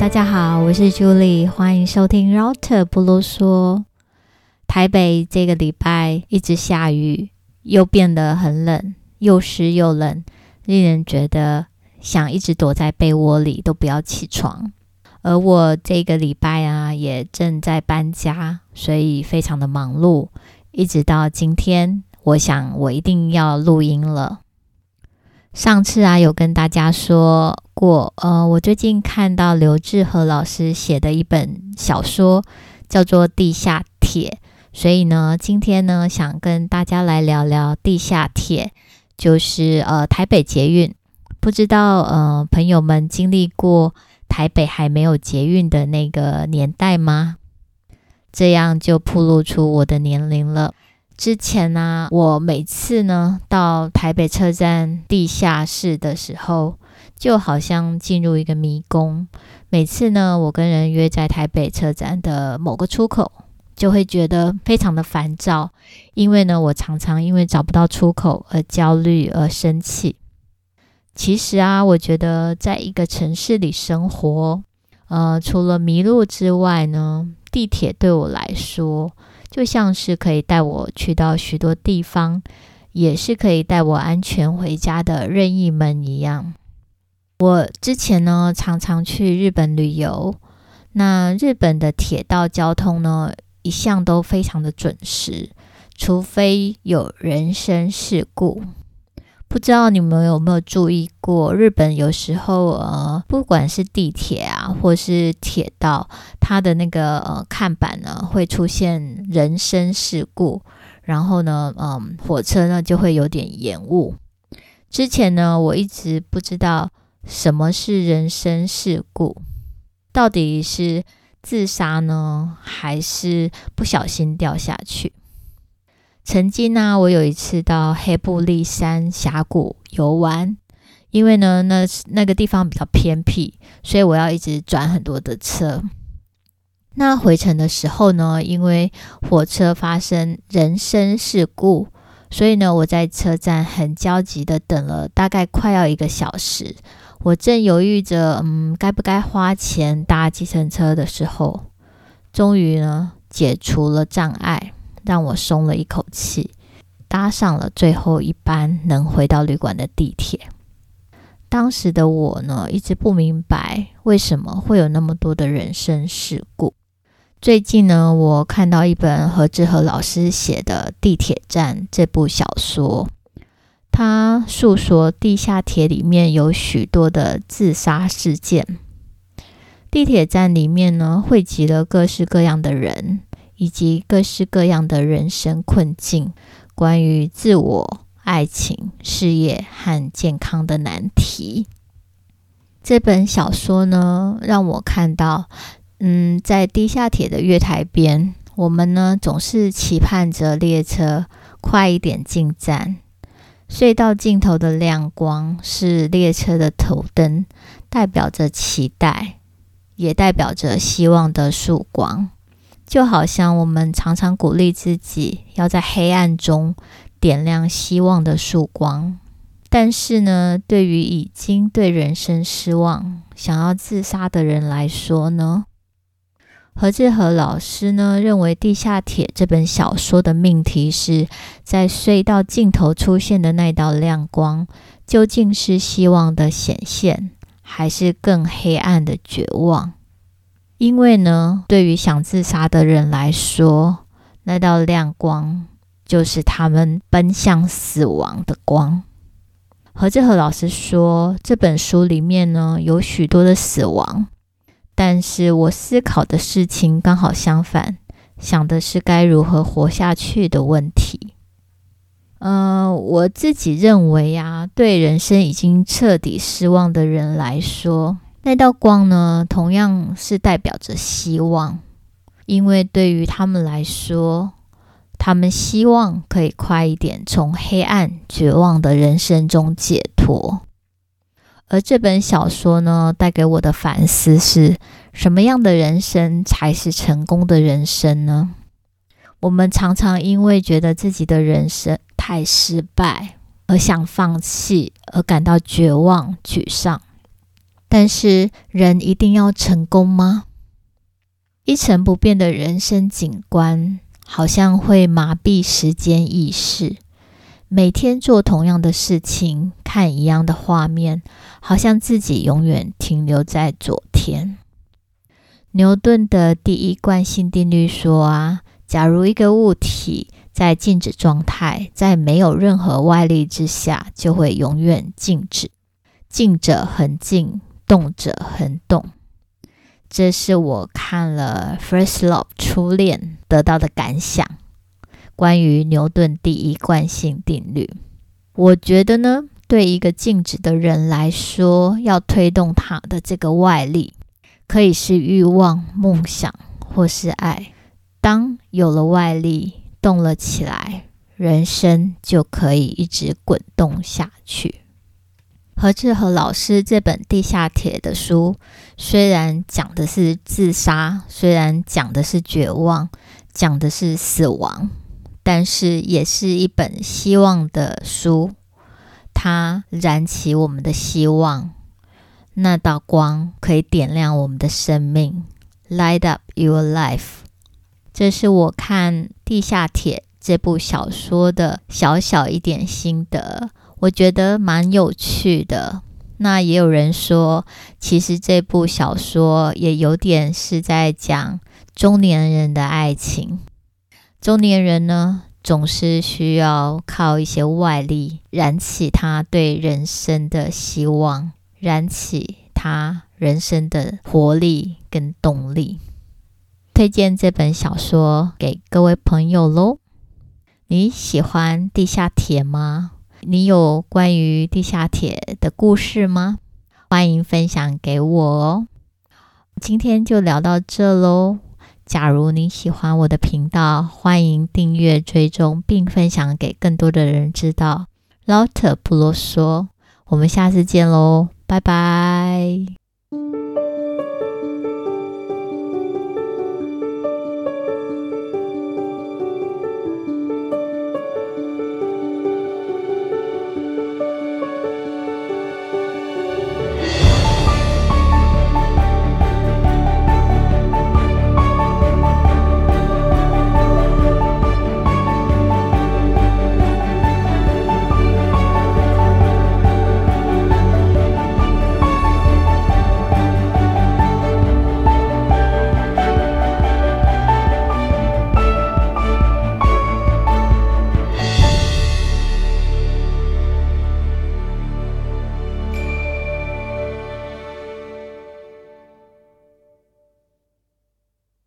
大家好，我是 Julie，歡迎收聽 Router 不囉嗦。台北這個禮拜一直下雨，又變得很冷，又濕又冷，令人覺得想一直躲在被窩裡都不要起床。而我這個禮拜啊，也正在搬家，所以非常的忙碌。一直到今天，我想我一定要錄音了。上次啊，有跟大家說。我呃，我最近看到何致和老師寫的一本小說，叫做《地下鐵》，所以呢，今天呢，想跟大家來聊聊《地下鐵》，就是呃，台北捷運。不知道呃，朋友們經歷過台北還沒有捷運的那個年代嗎？這樣就暴露出我的年齡了。之前呢，啊，我每次呢到台北車站地下室的時候，就好像進入一個迷宮。每次呢，我跟人約在台北車站的某個出口，就會覺得非常的煩躁，因為呢，我常常因為找不到出口而焦慮而生氣。其實啊，我覺得在一個城市裡生活，呃，除了迷路之外呢。地鐵對我來說，就像是可以帶我去到許多地方，也是可以帶我安全回家的任意門一樣。我之前呢，常常去日本旅遊，那日本的鐵道交通呢，一向都非常的準時，除非有人身事故。不知道你們有沒有注意過，日本有時候呃，不管是地鐵啊，或是鐵道，它的那個呃看板呢會出現人身事故，然後呢，嗯、呃，火車呢就會有點延誤。之前呢，我一直不知道什麼是人身事故，到底是自殺呢，還是不小心掉下去？曾經呢、啊，我有一次到黑部立山峽谷遊玩，因為呢，那那個地方比較偏僻，所以我要一直轉很多的車。那回程的時候呢，因為火車發生人身事故，所以呢，我在車站很焦急的等了大概快要一個小時。我正猶豫着，嗯，該不該花錢搭計程車的時候，終於呢，解除了障礙。讓我鬆了一口氣，搭上了最後一班能回到旅館的地鐵。當時的我呢，一直不明白為什麼會有那麼多的人生事故。最近呢，我看到一本何致和老師寫的《地鐵站》這部小說，他訴說地下鐵裡面有許多的自殺事件。地鐵站裡面呢，匯集了各式各樣的人。以及各式各樣的人生困境，關於自我、愛情、事業和健康的難題。這本小說呢，讓我看到，嗯，在地下鐵的月台邊，我們呢總是期盼着列車快一點進站。隧道盡頭的亮光是列車的頭燈，代表着期待，也代表着希望的曙光。就好像我們常常鼓勵自己要在黑暗中點亮希望的曙光，但是呢，對於已經對人生失望、想要自殺的人來說呢，何致和老師呢認為，《地下鐵》這本小說的命題是，在隧道盡頭出現的那道亮光，究竟是希望的顯現，還是更黑暗的絕望？因為呢，對於想自殺的人來說，那道亮光就是他們奔向死亡的光。何致和老師說，這本書裡面呢，有許多的死亡，但是我思考的事情剛好相反，想的是該如何活下去的問題。嗯、呃，我自己認為呀、啊，對人生已經徹底失望的人來說。那道光呢，同樣是代表着希望，因為對於他們來說，他們希望可以快一點從黑暗、絕望的人生中解脫。而這本小說呢，帶給我的反思是，什麼樣的人生才是成功的人生呢？我們常常因為覺得自己的人生太失敗而想放棄，而感到絕望、沮喪。但是，人一定要成功嗎？一成不變的人生景觀，好像會麻痹時間意識。每天做同樣的事情，看一樣的畫面，好像自己永遠停留在昨天。牛頓的第一慣性定律說啊，假如一個物體在靜止狀態，在沒有任何外力之下，就會永遠靜止。靜者恆靜。動者恆動，這是我看了《First Love》初戀得到的感想。關於牛頓第一慣性定律，我覺得呢，對一個靜止的人來說，要推動他的這個外力，可以是慾望、夢想，或是愛。當有了外力，動了起來，人生就可以一直滾動下去。何致和老師這本《地下鐵》的書，雖然講的是自殺，雖然講的是絕望，講的是死亡，但是也是一本希望的書。它燃起我們的希望，那道光可以點亮我們的生命，Light up your life。這是我看《地下鐵》。這部小說的小小一點心得，我覺得蠻有趣的。那也有人說，其實這部小說也有點是在講中年人的愛情。中年人呢，總是需要靠一些外力燃起他對人生的希望，燃起他人生的活力跟動力。推薦這本小說給各位朋友嘍。你喜歡地下鐵嗎？你有關於地下鐵的故事嗎？歡迎分享給我哦。今天就聊到這嘍。假如你喜歡我的頻道，歡迎訂閱、追蹤並分享給更多的人知道。Router 不囉嗦，我們下次見嘍，拜拜。